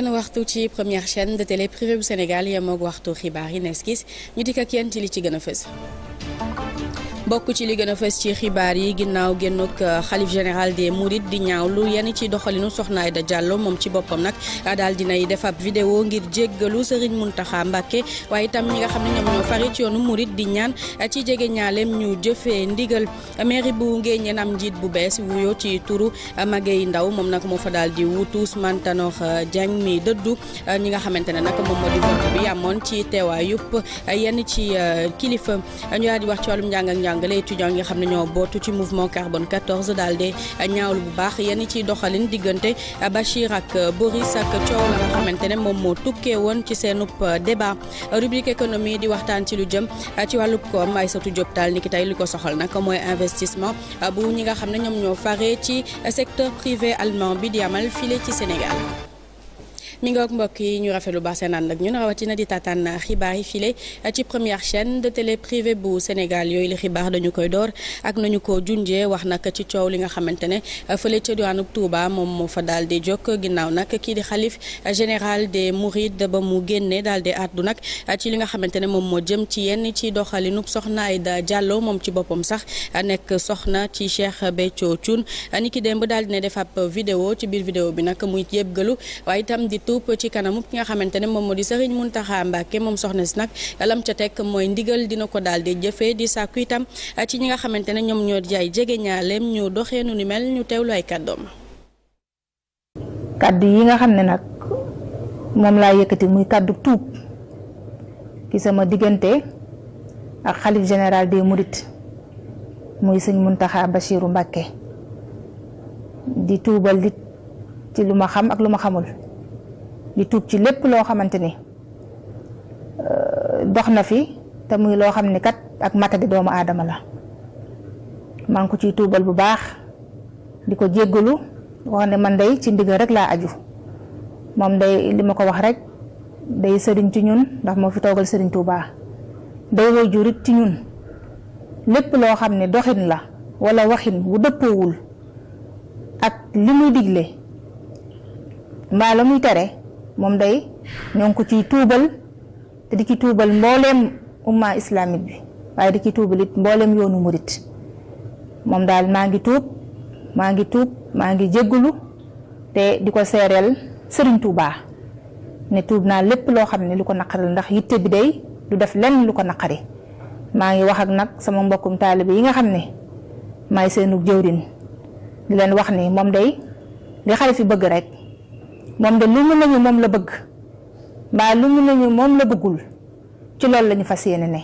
benn waxtu ci première chaîne de télé privée bu Sénégal yemoog waxtu xibaar yi nees ñu dikk ak yéen ci li ci gën a fës. bokk ci li gën a fës ci xibaar yi ginnaaw génnuk euh, xalif général des Mourides di ñaawlu yenn ci doxalinu soxnaay da Diallo moom ci boppam nag euh, dal dinay def ab vidéo ngir jéggalu Serigne Mountakha Mbacké waaye itam ñi nga ci yoonu Mouride di ñaan euh, ci jege ñaaleem ñu jëfee ndigal mairie bu Nguéniène am njiit bu bees wuyoo ci turu Maguèye Ndaw moom nag moo fa daal di wuutu Ousmane Tanor Diagne mi dëddu ñi nga xamante ne nag moom moo di vote bi amoon ci teewaayub yenn ci kilifa ñu daal di wax ci wàllum njàng njàng jàngale étudiants yi nga xam ne ñoo bootu ci mouvement carbone 14 daal di ñaawlu bu baax yenn ciy doxalin diggante Bachir ak Boris ak coow la nga xamante ne moom moo tukkee woon ci seenub débat rubrique économie di waxtaan ci lu jëm ci wàllu koom Aïssatou Diop Tall ni ki tey li ko soxal nag mooy investissement bu ñi nga xam ne ñoom ñoo fare ci secteur privé allemand bi di amal file ci Sénégal. mi nga ak mbokk yi ñu rafetlu baax seen ànd ak ñun rawatina di taataan xibaar yi file ci première chaîne de télé privée bu Sénégal yooyu li xibaar dañu koy door ak nañu ko junjee wax nag ci coow li nga xamante ne fële ca diwaanub tuuba moom moo fa daal di jokk ginnaaw nag kii di xalif général des Mourides ba mu génnee daal di àddu nag ci li nga xamante ne moom moo jëm ci yenn ci doxalinub soxna Aïda Diallo moom ci boppam sax a nekk soxna ci Cheikh Béthio ni ki démb daal di ne def vidéo ci biir vidéo bi nag muy yëbgalu tuub ci kanamu ki nga xamante ne moom moo di Serigne Mountakha Mbacké moom soxna si nag lam ca teg mooy ndigal dina ko daal di jëfee di sàkku itam ci ñi nga xamante ne ñoom ñoo jaay jege ñaaleem ñu doxee nu ni mel ñu teewlu ay kàddoom. yi nga xam ne nag moom laa yëkkati muy kàddu tuub ki sama diggante ak xalif général des Mourides muy sëñ Muntaxa Bachiru Mbàkke di tuubal di ci lu ma xam ak lu ma xamul di tuub ci lépp loo xamante ni euh, dox na fi te muy loo xam ni kat ak matadi doomu aadama la maa ngi ko ciy tuubal bu baax di ko jéggalu wax ne man day ci ndigal rek laa aju moom day li ma ko wax rek day sëriñ ci ñun ndax moo fi toogal sëriñ Tuubaa day way jurit ci ñun lépp loo xam ne doxin la walla waxin wu dëppoowul ak li muy digle mbaa la muy tere moom day ñoo ngi ko ciy tuubal te di ci tuubal mbooleem umma islamique bi waaye di ci tuubal it yoonu murit moom daal maa ngi tuub maa ngi tuub maa ngi jéggulu te di ko seereel sëriñ Tuubaa ne tuub naa lépp loo xam ne lu ko naqaral ndax yitte bi day du def lenn lu ko naqari maa ngi wax ak nag sama mbokkum taalibe yi nga xam ne maay seenu jëwrin di leen wax ni moom day li xale fi bëgg rek moom de lu mu nañu moom la bëgg mbaa lu mu nañu moom la bëggul ci loolu lañu fas yéene ne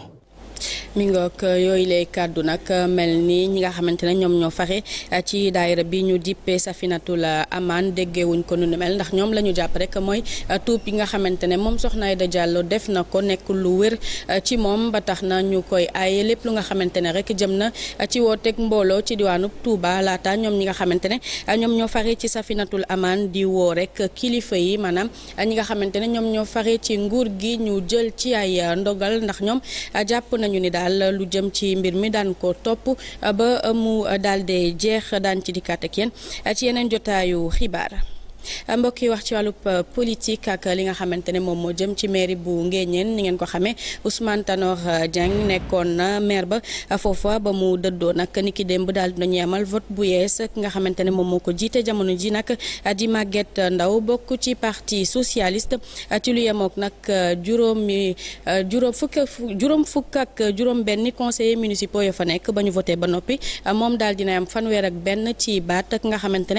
mi ngoog eh, yooyu lay kàddu nag eh, mel nii ñi nga xamante ne ñoom ñoo fare eh, ci daayira bi ñu dippee Safinatul Amaan déggeewuñ ko nu mel ndax ñoom la ñu jàpp rek mooy tuub yi nga xamante ne moom Soxna Aida Diallo def na ko nekk lu wér ci moom ba tax na ñu koy aaye lépp lu nga xamante ne rek jëm na ci wooteeg mbooloo ci diwaanub Touba laata ñoom ñi nga xamante ne ñoom ñoo fare ci Safinatul Amaan di woo rek kilifa yi maanaam ñi nga xamante ne ñoom ñoo fare ci nguur gi ñu jël ci ay ndogal ndax ñoom jàpp nañu ni daal daal lu jëm ci mbir mi daan ko topp ba mu daal di jeex daan ci dikkaat ak yéen ci yeneen jotaayu xibaar. mbokk yi wax ci wàllu euh, politique ak li nga xamante ne moom moo jëm ci mairie bu Nguéniène ni ngeen ko xamee Ousmane Tanor euh, Dieng nekkoon na maire ba euh, foofa ba mu dëddoo nag ni ki démb daal dinañu amal vote bu yees ki nga xamante ne moom moo ko jiite jamono ji nag di Maguette Ndaw bokk ci parti socialiste ci lu yemook nag juróomi juróom fukk juróom fukk ak juróom benn conseillers municipaux yoo fa nekk ba ñu voté ba noppi moom daal dina am fanweer ak benn ci baat nga xamante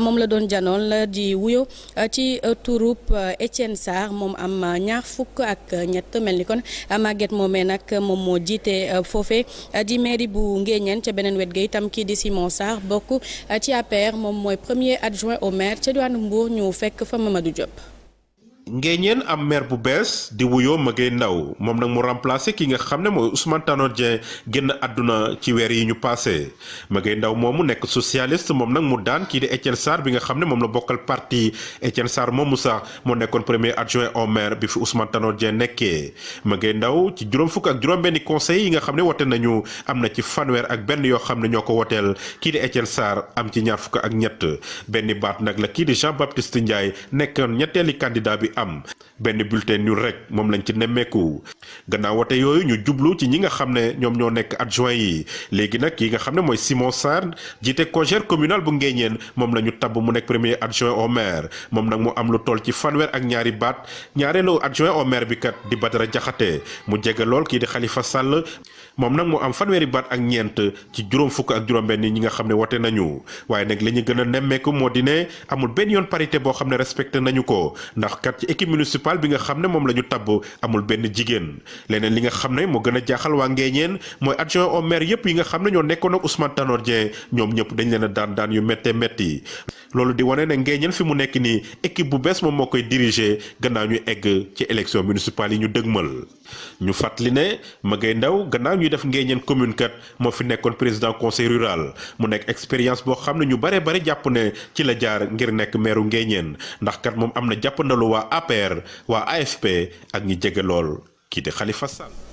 moom la doon janoon la di di wuyo euh, ci euh, turup Etienne euh, Sarr moom am ñaar fukk ak ñett mel ni kon Maguette moomee nag moom moo jiite foofe di mairie bu Ngéñeen ca beneen wet ga itam kii di Simon Sarr bokk ci APR moom mooy premier adjoint au maire ca diwaanu Mbour ñu fekk fa Mamadou Diop Nguéniène am maire bu bees di wuyoo Maguèye Ndao moom nag mu remplacé kii nga xam ne mooy Ousmane Tanor Dieng génn àdduna ci weer yi ñu passé Maguèye Ndao moomu nekk socialiste moom nag mu daan kii di Étienne Sarr bi nga xam ne moom la bokkal parti Étienne Sarr moomu sax moo nekkoon premier adjoint au maire bi fi Ousmane Tanor Dieng nekkee Maguèye ndaw ci juróom fukk ak juróom-benni conseil yi nga xam ne wote nañu am na ci fanweer ak benn yoo xam ne ñoo ko woteel kii di Étienne am ci ñaar fukk ak ñett benn baat nag la kii di Jean Baptiste Ndiaye nekkoon ñetteeli candidat bi am benn bulletin nul rek moom lañ ci nemmeeku gannaaw wote yooyu ñu jublu ci ñi nga xam ne ñoom ñoo nekk adjoint yi léegi nag yi nga xam ne mooy Simon Sarr jiite congère communal bu Ngéeñeen moom la ñu tabb mu nekk premier adjoint au maire moom nag mu am lu toll ci fanweer ak ñaari baat ñaareelu adjoint au maire bi kat di Badara Jaxate mu jege lool kii di xalifa Sall moom nag moo am fanweeri baat ak ñeent ci juróom fukk ak juróom-benn ñi nga xam ne wote nañu waaye nag li ñu gën nemmeeku moo di ne amul benn yoon parité boo xam ne respecté nañu ko ndax kat ci équipe municipale bi nga xam ne moom la ñu tabb amul benn jigéen leneen li nga xam ne moo gën a jaaxal waa Ngéeñeen mooy adjoint au maire yëpp yi nga xam ne ñoo nekkoon ak Ousmane Tanor ñoom ñëpp dañ leen a daan daan yu méttee métti loolu di wane ne Nguéniène fi mu nekk nii équipe bu bees moom moo koy diriger gannaaw ñu egg ci élection municipale yi ñu dëgmal ñu fàttali ne Maguette Ndaw gannaaw ñuy def Nguéniène commune kat moo fi nekkoon président conseil rural mu nekk expérience boo xam ne ñu bare bare jàpp ne ci la jaar ngir nekk meeru Nguéniène ndax kat moom am na jàppandalu waa APR waa AFP ak ñi jege lool kii di Khalifa Sall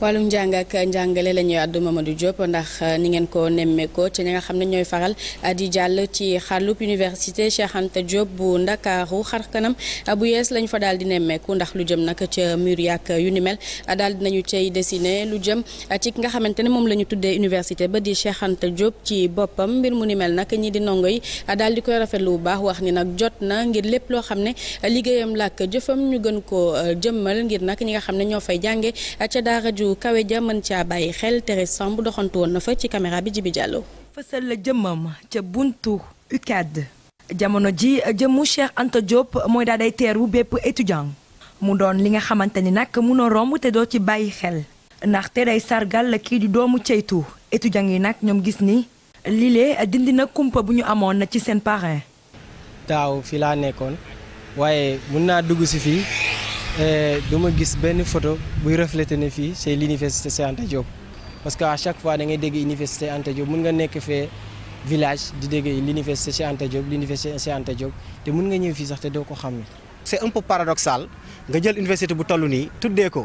wàllum njàng ak njàngale la ñuy àddu du Diop ndax euh, ni ngeen ko nemmeekoo ci ñi nga xam ne ñooy faral euh, di jàll ci xarlub université Cheikh Anta Diop bu ndakaaru xar kanam euh, bu yees lañ fa daal di nemmeeku ndax lu jëm nag ca mur yàq yu ni mel daal nañu cay dessiné lu jëm ci ki nga xamante ne moom la ñu tuddee université ba di Cheikh Anta ci boppam mbir mu ni mel nag ñi di ndongo yi daal di koy rafetlu bu baax wax ni nag jot na ngir lépp loo xam ne liggéeyam làkk jëfam ñu gën koo jëmmal ngir nag ñi nga xam ne ñoo fay daara ju kawe ja mën caa bàyyi xel Thérèse Samb doxantu woon na fa ci caméra bi Djibi Diallo. fësal la jëmmam ca buntu UCAD. jamono ji jëmmu Cheikh Anta Diop mooy daa day teeru bépp étudiant. mu doon li nga xamante ni nag munoo romb te doo ci bàyyi xel. ndaxte day sargal la kii di doomu ceytu étudiant yi nag ñoom gis ni. lile dindi na kumpa bu ñu amoon na ci seen parrain. daaw fi laa nekkoon waaye mun naa dugg si fii Euh, du ma gis benn photo buy refléter ne fii c'est l'université Cheikh Anta Diop parce que à chaque fois da ngay dégg université Anta Diop mun nga nekk fee village di dégg l'université Cheikh Anta Diop l'université Cheikh Anta Diop te mun nga ñëw fii sax te doo ko xam ne c'est un peu paradoxal nga jël université bu toll nii tuddee ko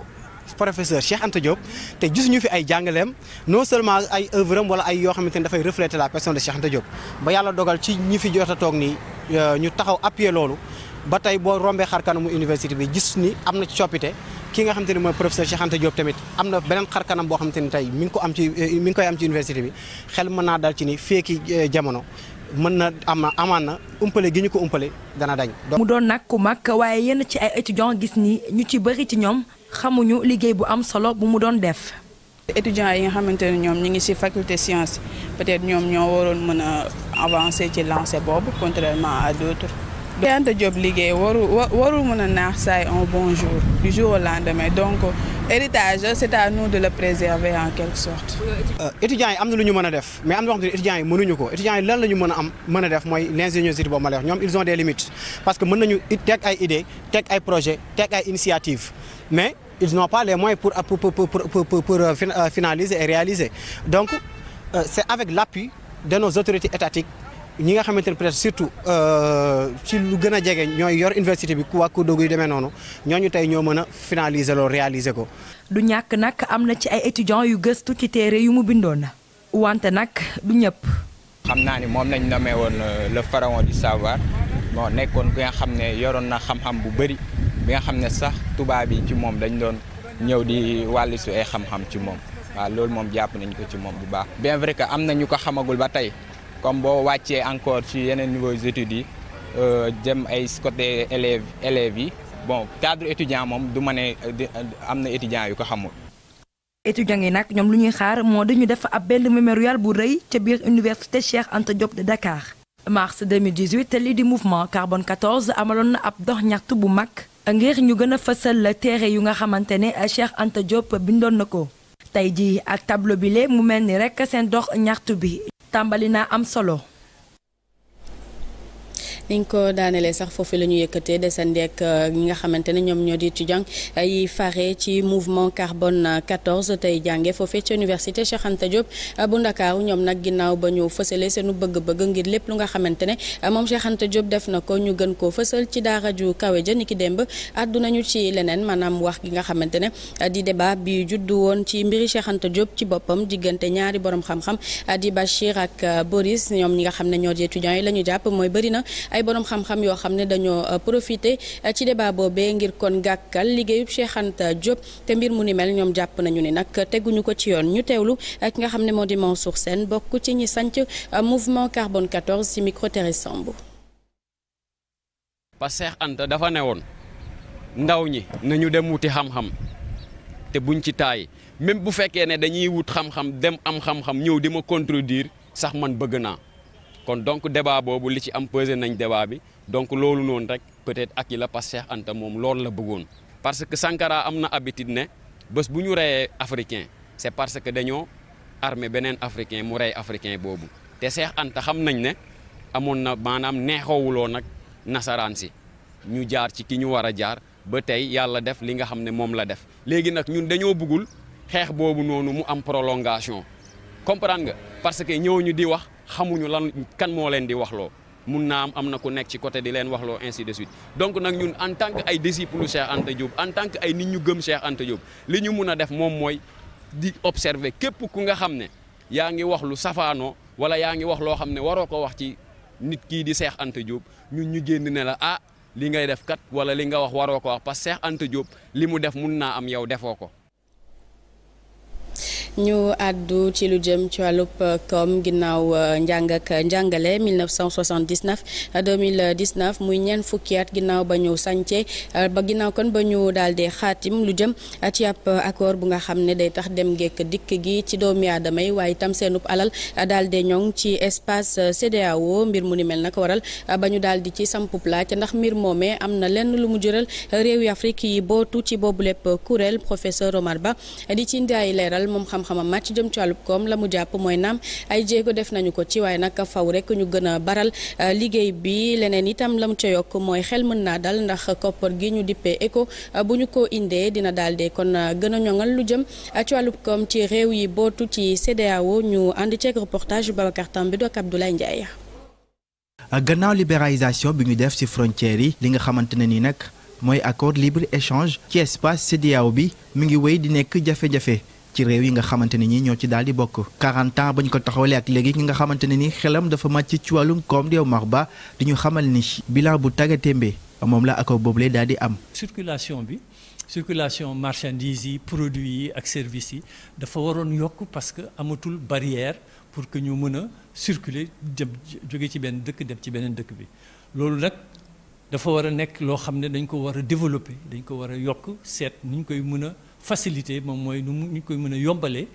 professeur Cheikh Anta Diop te gisuñu fi ay jàngaleem non seulement ay œuvre am ay yoo xamante ni dafay refléter la personne de Cheikh Anta Diop ba yàlla dogal ci ñu fi jot a toog nii euh, ñu taxaw appuyer loolu ba tey boo rombee xar kanamu université bi gis ni am na ci coppite ki nga xam te ne mooy professeur Cheikh Anta Diop tamit am na beneen xar kanam boo xam te ne tey ngi ko am ci eh, mi ngi koy am ci bi xel mën naa dal ci ni feeki eh, jamono mën na am na amaan na umpale gi ñu ko umpale dana dañ. mu doon nag ku mag waaye yenn ci ay étudiants gis ni ñu ci bëri ci ñoom xamuñu liggéey bu am solo bu mu doon def. étudiants yi nga xamante ne ñoom ñu ngi ci faculté science peut-être ñoom ñoo waroon mën a avancer ci lancer boobu contrairement a d'autres Anta Diop liggéey waru warul mën a naax saay un bon jour du jour au lendemain donc héritage c'est à nous de le préserver en quelque sorte. Euh, étudiants yi am na lu ñu mën a def mais am na loo ne mënuñu ko étudiants lan la ñu mën a am mën a def mooy l'ingéniosité boobu ma lay wax ñoom ils ont des limites parce que mën nañu teg ay idées teg ay projet teg ay initiatives mais ils non pas les moyens pour pour pour pour pour euh, euh, finaliser et réaliser donc c'est avec l'appui de nos autorités étatiques. ñi nga xamante ne peut-être surtout euh, ci lu gën a jege ñooy yor université bi ku waa ku dugg deme noonu ñooñu tey ñoo mën a finaliser loolu réaliser ko. du ñàkk nag am na ci ay étudiants yu gëstu ci téere yu mu bindoon wante nag du ñëpp. xam naa ni moom nañ nommé woon euh, le pharaon di savoir moo nekkoon ki nga xam ne yoroon na xam-xam bu bëri bi nga xam ne sax tubaab yi ci moom dañ doon ñëw di wàllisu ay xam-xam ci moom waaw loolu moom jàpp nañ ko ci moom bu baax. bien vrai que am na ko xamagul ba tey. comme boo wàccee encore ci yeneen niveau études yi euh, jëm ay côté élèves yi bon cadre étudiant moom du ma ne euh, euh, am na étudiant yu ko xamul. étudiants yi nag ñoom lu ñuy xaar moo dañu def ab benn mémorial bu rëy ca biir université Cheikh Anta Diop de Dakar. mars 2018 li di mouvement carbone 14 amaloon na ab dox ñaxtu bu mag ngir ñu gën a fësal téere yu nga xamante ne Cheikh Anta Diop bindoon na ko. tey jii ak tableau bi le mu mel ni rek seen dox ñaxtu bi tàmbali naa am solo ni nga ko daanelee sax foofu la ñu yëkkatee desandi ak euh, ñi nga xamante ne ñoom ñoo di étudiant ay fare ci mouvement carbone 14 tey jànge foofee ci université Cheikh Anta Diop euh, bu Ndakaaru ñoom nag ginnaaw ba ñu fësale seenu bëgg-bëgg ngir lépp lu nga xamante ne euh, moom Cheikh Anta def na ko ñu gën koo fësal ci daara ju kawe ja ni ki démb àddu nañu ci leneen maanaam wax gi nga xamante ne di débat bi juddu woon ci mbiri Cheikh Anta ci boppam diggante ñaari borom xam-xam di Bachir ak Boris ñoom ñi xam ne ñoo di étudiants la ñu jàpp mooy bëri na ay borom xam-xam yoo xam ne dañoo euh, profité euh, ci débat boobee ngir kon gàkkal liggéeyub Cheikh Anta te mbir mu ni mel ñoom jàpp nañu ni nag teguñu ko ci yoon ñu teewlu ak euh, nga xam ne moo di ma Mansour seen bokk ci ñi sanc mouvement carbone 14 ci micro Thérèse parce que Cheikh dafa ne woon ndaw ñi nañu dem wuti xam te buñ ci taay même bu fekkee ne dañuy wut xam dem am xam ñëw di ma contredire sax man bëgg naa. kon donc débat boobu li ci am pesé nañ débat bi donc loolu noonu rek peut-être ak yi la parce que Cheikh Anta moom loolu la bëggoon parce que Sankara am na habitude ne bés bu ñu reyee africain c'est parce que dañoo armé beneen africain mu rey africain boobu te Cheikh Anta xam nañ ne amoon na maanaam neexoowuloo nag nasaraan si ñu jaar ci ki ñu war a jaar ba tey yàlla def li nga xam ne moom la def léegi nag ñun dañoo bëggul xeex boobu noonu mu am prolongation comprendre xamuñu lan kan moo leen di wax loo mun naa am am na ku nekk ci côté di leen waxloo ainsi de suite donc nag ñun en tant que ay disciples Cheikh Anta Diop en tant que ay nit ñu gëm Cheikh Anta li ñu mun a def moom mooy di observer képp ku nga xam ne yaa ngi wax lu safaanoo wala yaa ngi wax loo xam ne waroo ko wax ci nit kii di Cheikh Anta ñun ñu génn ne la ah li ngay def kat wala li nga wax waroo ko wax parce que Cheikh li mu def mun naa am yow defoo ko. ñu àddu ci lu jëm ci wàllub euh, koom ginnaaw euh, njàng ak njàngale 1979 2019 muy ñeent fukki at ginnaaw ba ñu sàncee euh, ba ginnaaw kon ba ñu daal di xaatim lu jëm ci ab accord bu nga xam ne day tax dem gekk dikk gi ci doomi aadama yi waaye itam seenub alal daal di ñoŋ ci espace CEDEAO mbir mu ni mel na ko waral ba ñu daal di ci sampub laaj ndax mbir moomee am na lenn lu mu jural réew yi Afrique yi bootu ci boobu lépp kuréel professeur Omar Ba di ci ndaay leeral moom xam xam-xamam màcc jëm ci wàllub koom la mu jàpp mooy naam ay jéego def nañu ko ci waaye nag faw rekk ñu gën a baral euh, liggéey bi leneen itam la mu ca yokk mooy xel mën naa dal ndax koppar gi ñu dippee éco euh, bu ñu ko indee dina daal kon euh, gën a ñoŋal lu jëm ci koom ci réew yi bootu ci CEDEAO ñu ànd ceeg reportage Babacar Tambido ak Abdoulaye Ndiaye. gannaaw libéralisation bi ñu def ci frontières yi li nga xamante ne ni nag mooy accord libre échange ci espace ci réew yi nga xamante ne ñi ñoo ci daal di bokk 40 ans ba ñu ko taxawalee ak léegi ñi nga xamante ne ni xelam dafa màcc ci wàllum koom di max Ba di ñu xamal ni bilan bu tàggatémbe moom la accord boobule daal di am. circulation bi circulation marchandises yi produits yi ak service yi dafa waroon yokk parce que amatul barrière pour que ñu mën a circuler jëm jóge ci benn dëkk dem ci beneen dëkk bi loolu nag. dafa war a nekk loo xam ne dañ ko war a développer dañ ko war a yokk seet ni koy mën a facilité moom mooy nu ñu koy mën a yombalee.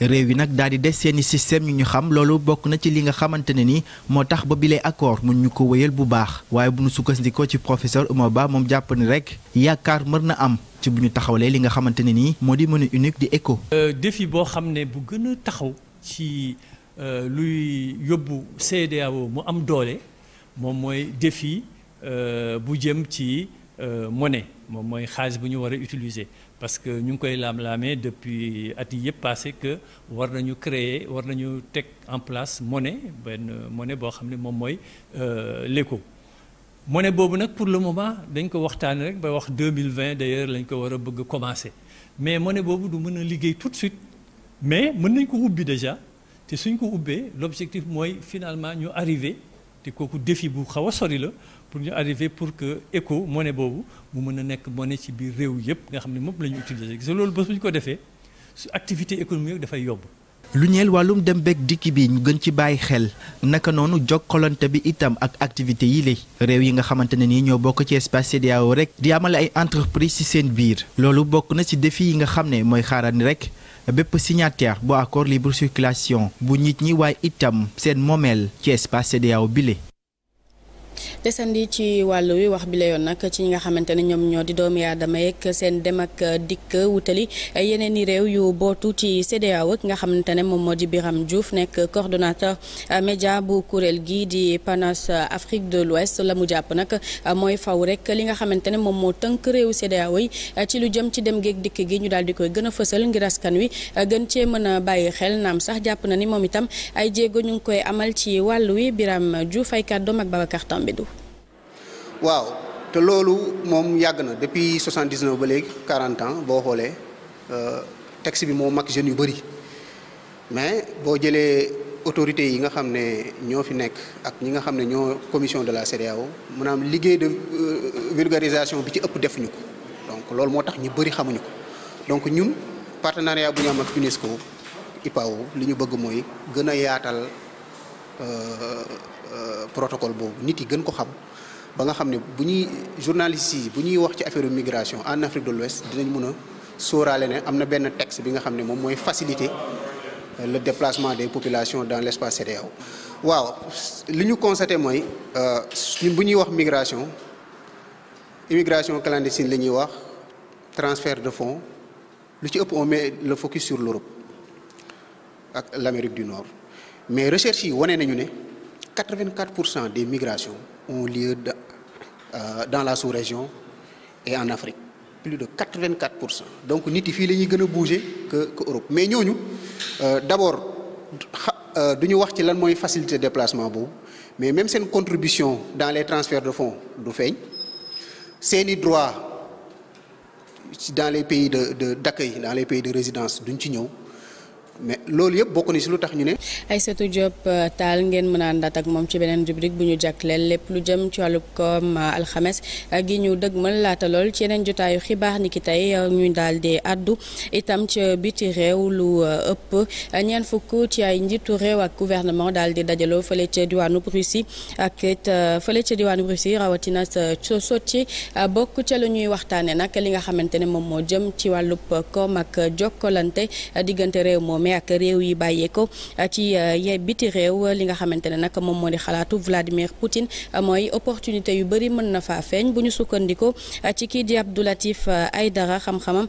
réew yi nag daal di des seeni système yu ñu xam loolu bokk na ci li nga xamante ne ni moo tax ba bilee accord mun ñu ko wéyal bu baax waaye bu ñu sukkandikoo ci professeur Oumar Ba moom jàpp ni rek yaakaar mën na am ci bu ñu taxawalee li nga xamante ne nii moo di menu unique di ECHO. Euh, defi boo xam ne bu gën a taxaw ci euh, luy yóbbu CEDEAO mu am doole moom mooy défi euh, bu jëm ci monnaie moom mooy xaalis bu ñu war a utiliser. parce que ñu ngi koy laam-laamee depuis at yi yëpp passé que war nañu créer war nañu teg en place monnaie benn monnaie boo xam ne moom mooy euh, l'éco monnaie boobu nag pour le moment dañ ko waxtaanee rek ba wax 2020 d'ailleurs lañ ko war a bëgg a commencer mais monnaie boobu du mën a liggéey tout de suite mais mën nañ ko ubbi déjà te suñ ko ubbee l'objectif mooy finalement ñu arriver te kooku défi bu xaw a sori la pour ñu arriver pour que éco monnaie boobu mu mën a nekk monnaie ci biir réew yëpp nga xam ne moom la ñu utiliser gis loolu ba bu ñu ko defee su activité économique dafay yomb. lu ñeel wàllum dem beeg dikki bi ñu gën ci bàyyi xel naka noonu jokkalante bi itam ak activité yi lay réew yi nga xamante ne nii ñoo bokk ci espace CEDEAO rek di amale ay entreprise ci seen biir loolu bokk na ci défi yi nga xam ne mooy ni rek bépp signataire bu accord libre circulation bu nit ñi waaye itam seen moomeel ci espace bile. desandi ci wàll wi wax bi la yoon nag ci ñi nga xamante ne ñoom ñoo di doomi aadama yeeg seen dem ak dikk wutali yeneen i réew yu bootu ci CEDEAO ak nga xamante ne moom moo di Birame Diouf nekk coordonnateur média bu kuréel gi di Panas Afrique de la mu jàpp nag mooy faw rek li nga xamante ne moom moo tënk réew CEDEAO yi ci lu jëm ci dem geeg dikk gi ñu daal di koy gën a fësal ngir askan wi gën cee mën a bàyyi xel naam sax jàpp na ni moom itam ay jéego ñu ngi koy amal ci wàll wi biram Diouf ay kàddoom ak Babacar Tambe Seydou. waaw te loolu moom yàgg na depuis 79 ba léegi quarante ans boo xoolee euh, texte bi moo mag jeunes yu bëri mais boo jëlee autorités yi nga xam ne ñoo fi nekk ak ñi nga xam ne ñoo commission de la CEDEAO maanaam liggéey de euh, vulgarisation bi ci ëpp defuñu ko donc loolu moo tax ñu bëri xamuñu ko donc ñun partenariat bu ñu am ak UNESCO IPAO li ñu bëgg mooy gën a yaatal. Euh, Euh, protocole boobu nit yi gën ko xam ba nga xam ne bu ñuy journalistes yi bu ñuy wax ci affaire migration en Afrique de l'Ouest dinañ mën a sooraale ne am na benn texte bi nga xam ne moom mooy faciliter euh, le déplacement des populations dans l'espace CEDEAO waaw li ñu constaté mooy ñun euh, bu ñuy wax migration immigration clandestine la ñuy wax transfert de fonds lu ci ëpp on met le focus sur l'Europe ak l'Amérique du Nord mais recherche yi wane nañu ne 84 pour cent des migrations ont lieu de, euh, dans la sous-région et en Afrique plus de 84 pour cent donc nit yi fii la ñuy gën a bouger que que Europe mais ñooñu euh, d'abord euh, du wax ci lan mooy facilité déplacement boobu mais même seen contribution dans les transferts de fonds du feeñ seeni droit dans les pays de de d'accueil dans les pays de résidence duñ ci ñëw. loolu yëpp bokk na si lu tax ñu ne. ay Aïssatou Diop euh, taal ngeen mën a àndaat ak moom ci beneen rubrique bu ñu jàkkleel lépp lu jëm ci wàllub koom euh, alxames euh, gi ñu dëgmal laata lool ci yeneen xibaar ni ki tey ñu daal di addu itam ci biti réew lu ëpp ñeent fukk ci ay njiitu réew ak gouvernement daal di dajaloo fële ca diwaanu Russie ak it fële ca diwaanu Russie rawatina sa Sotchi bokk ca lu ñuy waxtaanee nag li nga xamante ne moom moo jëm ci wàllub koom ak jokkalante diggante réew moom. moomee ak réew yi bàyyeeko euh, ci euh, biti réew euh, li nga xamante ne nag moom moo di xalaatu Vladimir Poutine mooy opportunité yu bëri mën na fa feeñ bu ñu sukkandiko ci kii di Abdou ay dara xam-xamam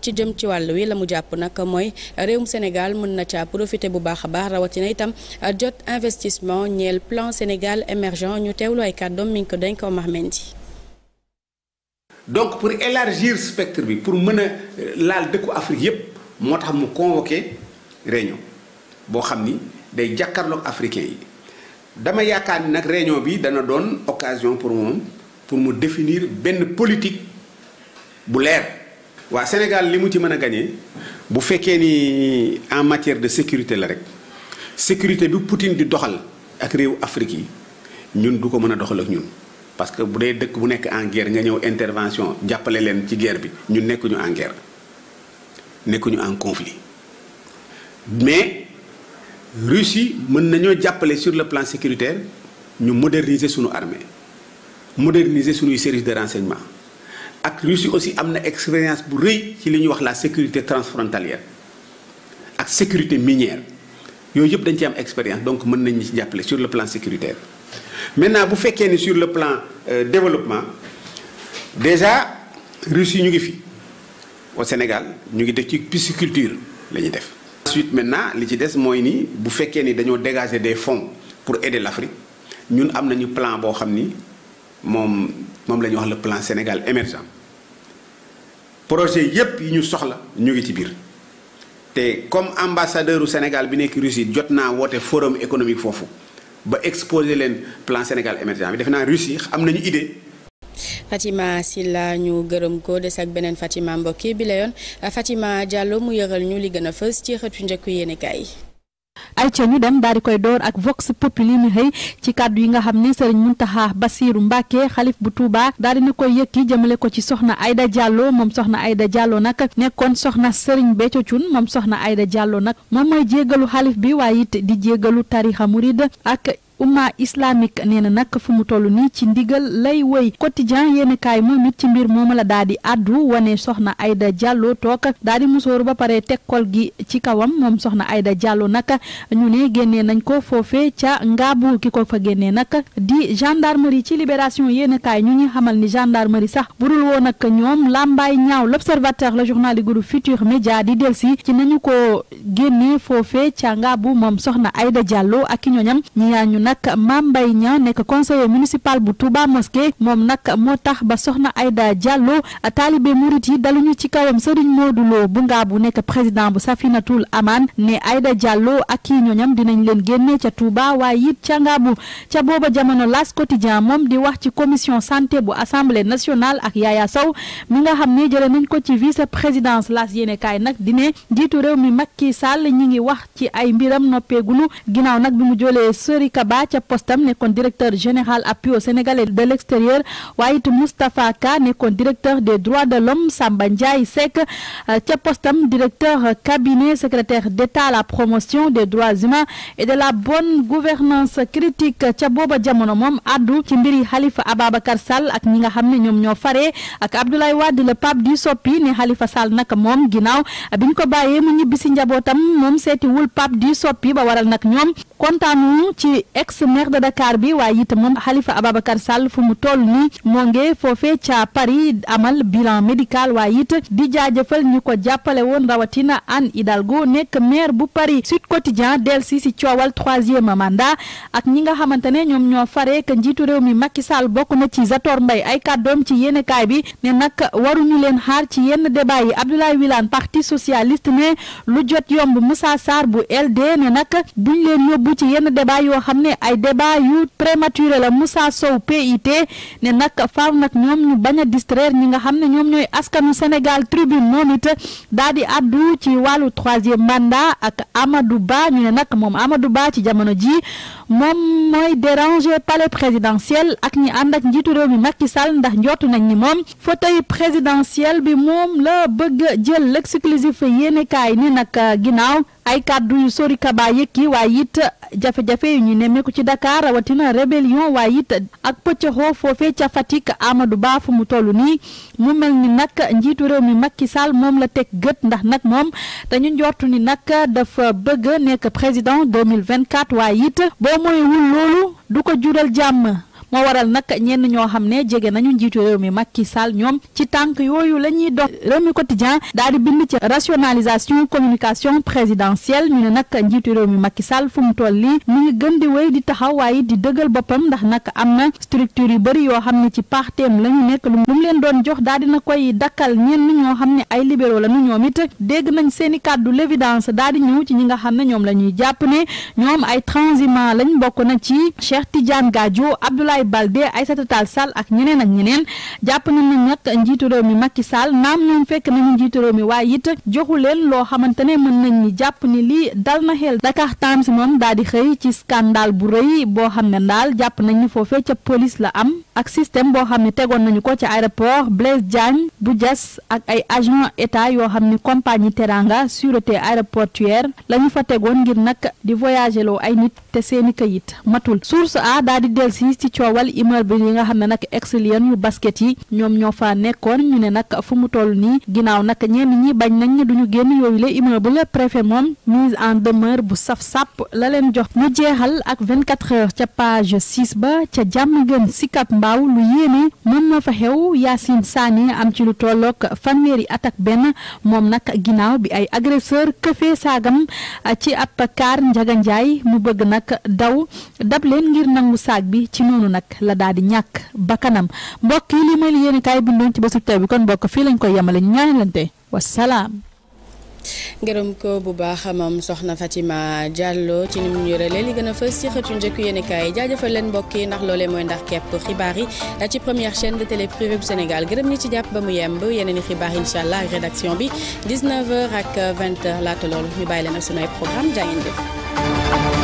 ci jëm ci wàll wi la mu jàpp nag mooy réewum Sénégal mën na ca profité bu baax a baax rawatina itam jot investissement ñeel plan Sénégal émergent ñu teewlu ay kàddoom mi ko dañ ko max mendi donc pour élargir spectre bi pour mën laal dëkku Afrique moo tax mu convoqué réunion boo xam ni day jàkkaarloog africain yi dama yaakaar ni nag réunion bi dana doon occasion pour moom pour mu définir benn politique bu leer. waa Sénégal li mu ci mën a gagné bu fekkee ni en matière de sécurité la rek sécurité bi Poutine di doxal ak réew Afrique yi ñun du ko mën a doxal ak ñun. parce que bu dee dëkk bu nekk en nga ñëw intervention jàppale leen ci guerre bi ñu nekkuñu ñu en nekkuñu en conflit mais Russie mën nañoo jàppale sur le plan sécuritaire ñu moderniser suñu armée moderniser suñuy service de renseignement ak Russie aussi am na expérience bu rëy ci li ñu wax la sécurité transfrontalière ak sécurité minière yooyu yëpp dañ ci am expérience donc mën nañ ci jàppale sur le plan sécuritaire maintenant bu fekkee ni sur le plan euh, développement déjà Russie ñu ngi fi au Sénégal ñu ngi def ci pisciculture la ñuy def. ensuite maintenant li ci des mooy nii bu fekkee ni dañoo dégager des fonds pour aider l'Afrique ñun am na ñu plan boo xam ni moom moom la ñuy wax le plan Sénégal émergent projet yépp yi ñu soxla ñu ngi ci biir. te comme ambassadeur u Sénégal bi nekk Russie jot naa woote forum économique foofu ba exposer leen plan Sénégal émergent bi def naa Russie am na ñu idée. Fatima Silla ñu gërëm ko des ak beneen Fatima mbokk yi bi la yoon Fatima Diallo mu yëral ñu li gën a fës ci xëtu njëkk yéen kaay ay ca ñu dem daal di koy door ak vox populi mi xëy ci kàddu yi nga xam ne sëriñ Muntaxa Basiiru Mbàkke xalif bu Tuuba daal dina koy yëkki jëmale ko ci soxna Ayda jàlloo moom soxna Ayda Diallo nag nekkoon soxna sëriñ Béthio Thioune moom soxna Ayda Diallo nag moom mooy jégalu xalif bi waaye it di jégalu tarixa murid ak umma islamique nee na nag fu mu toll nii ci ndigal lay woy quotidien yéen kaay moom it ci mbir mooma la daal di àddu wane soxna Aida jàlloo toog daal di musóoru ba pare teg kol gi ci kawam moom soxna ayda Diallo nag ñu ne génnee nañ ko foofee ca ngaabu ki ko fa génnee nag di gendarmerie ci libération yéen kaay ñu ñuy xamal ni gendarmerie sax budul woo nag ñoom làmbaay ñaaw l'observateur le journal du groupe Futurs Médias di delsi ci nañu ko génnee foofee ca ngaabu moom soxna Aida Diallo ak i ñoñam ñi nag Mame Mbaye Niang nekk conseiller municipal bu Touba Mosquée moom nag moo tax ba soxna Aïda Diallo taalibe murit yi ñu ci kawam Serigne Modou Lo bu ngaa bu nekk président bu Safinatul Aman ne Aïda jàlloo ak i ñoñam dinañ leen génne ca Touba waaye it ca ngaabu ca booba jamono L'As Quotidien moom di wax ci commission santé bu assemblée nationale ak yaaya Sow mi nga xam ne jëlee nañ ko ci vice présidence L'As yéene kaay nag di njiitu jiitu réew mi Macky Sall ñi ngi wax ci ay mbiram noppeegunu ginnaaw nag bi mu jëlee Sori Ba ca postam nekkoon directeur général appui aux Sénégalais de l'extérieur waaye it Moustapha Ka nekkoon directeur des droits de l'homme Samba Ndiaye Seck euh, ca postam directeur cabinet secrétaire d'État à la promotion des droits humains et de la bonne gouvernance critique ca booba jamono moom addu ci mbiri Khalifa Ababacar sal ak ñi nga xam ne ñoom ñoo faree ak Abdoulaye Wade le pape du soppi ne Khalifa sal nag moom ginnaaw bi ñu ko bàyyee mu ñibbi si njabootam moom seetiwul pape du soppi ba waral nag ñoom ex maire de Dakar bi waaye itam moom Khalifa Ababacar Sall fu mu toll nii moo ngi foofee ca Paris amal bilan médical waaye it di jaajëfal ñi ko jàppale woon rawatina Anne Hidalgo nekk maire bu Paris Sud Quotidien delsi si coowal troisième mandat ak ñi nga xamante ne ñoom ñoo fare que njiitu réew mi Macky Sall bokk na ci Zator Mbaye ay kàddoom ci yéenekaay bi ne nag waruñu leen xaar ci yenn débat yi Abdoulaye Wilane parti socialiste ne lu jot yomb Moussa Sarr bu LD ne nag buñ leen yóbbu ci yenn ay débat yu prématuré la Moussa Sow PIT ne nag faaw nag ñoom ñu bañ a distraire ñi nga xam ne ñoom ñooy askanu Sénégal tribune moom it daal di addu ci wàllu troisième mandat ak amadu Ba ñu ne nag moom amadu Ba ci jamono jii moom mooy déranger palais présidentiel ak ñi ànd ak njiitu réew mi Macky Sall ndax njootu nañ ni moom fauteuil présidentiel bi moom la bëgg jël l'exclusif yéenekaay ni nag euh, ginnaaw ay kàddu yu sori kaba yëkk waaye it jafe-jafe yu ñu nemmeeku ci dakaar rawatina rébellion waaye it ak pëccëxoo foofee ca Fatick amadu baa fu mu toll nii mu mel ni nag njiitu réew mi Macky Sall moom la teg gët ndax nag moom dañu njortu ni nag dafa bëgg nekk président 2024 waaye it boo moywul loolu du ko jural jàmm moo waral nag ñenn ñoo xam ne jege nañu njiitu réew mi Macky Sall ñoom ci tànk yooyu la ñuy dox réew mi quotidien daal di bind ci rationalisation communication présidentielle ñu ne nag njiitu réew mi Macky Sall fu mu toll lii mu ngi gën di wéy di taxaw waaye di dëggal boppam ndax nag am na structure yu bëri yoo xam ne ci parteem la ñu nekk lu mu leen doon jox daal na koy dakkal ñenn ñoo xam ne ay libéraux la ñu ñoom it dégg nañ seeni kàddu l'évidence daal di ñëw ci ñi nga xam ne ñoom la ñuy jàpp ne ñoom ay transhumants lañ bokk na ci Cheikh Tidiane Gadio Abdoulaye Baldé Aïssata Tall Sall ak ñeneen ak ñeneen jàpp nañ ne nag njiitu réew mi Macky Sall naam ñoom fekk nañu njiitu réew mi waaye it joxu leen loo xamante ne mën nañ ni jàpp ni lii dal na xeel xel Dakar Times moom daal di xëy ci scandale bu rëy boo xam ne daal jàpp nañ ni foofee ca police la am ak système boo xam ne tegoon nañu ko ci aéroport Blaise Diagne bu Diass ak ay agent état yoo xam ni compagnie Teranga sûreté aéroportuaire la ñu fa tegoon ngir nag di voyager loo ay nit te seeni kayit matul coowal immeuble yi nga xam ne nag ex-lion yu basket yi ñoom ñoo faa nekkoon ñu ne nag fu mu toll nii ginnaaw nag ñenn ñi bañ nañ ne duñu génn yooyu la immeuble préfet moom mise en demeure bu saf sàpp la leen jox mu jeexal ak 24 heures ca page 6 ba ca jàmm gën Sicap Mbao lu yéene moom moo fa xew Yacine Sané am ci lu tolloog fanweeri at ak benn moom nag ginnaaw bi ay agresseur këfee saagam ci ab kaar Njaga Njaay mu bëgg nag daw dab leen ngir nangu saa bi ci noonu nag la daal di ñàkk bakkanam mbokk yi li may li yéen kaay bindoon ci bésu kon mbokk fii lañ koy a ñaanalante wasalaam ngërëm ko bu baax moom soxna Fatima Diallo ci ni mu ñëralee li gën a fës ci xëtu njëkk yéenekaay yi jaajëfal leen mbokk ndax loolee mooy ndax képp xibaar yi ci première chaîne de télé privée bu Sénégal gërëm ñi ci jàpp ba mu yemb yeneen i xibaar incha allah rédaction bi 19h ak 20h laata loolu ñu bàyyi leen ak sunuy programme jaa ngeen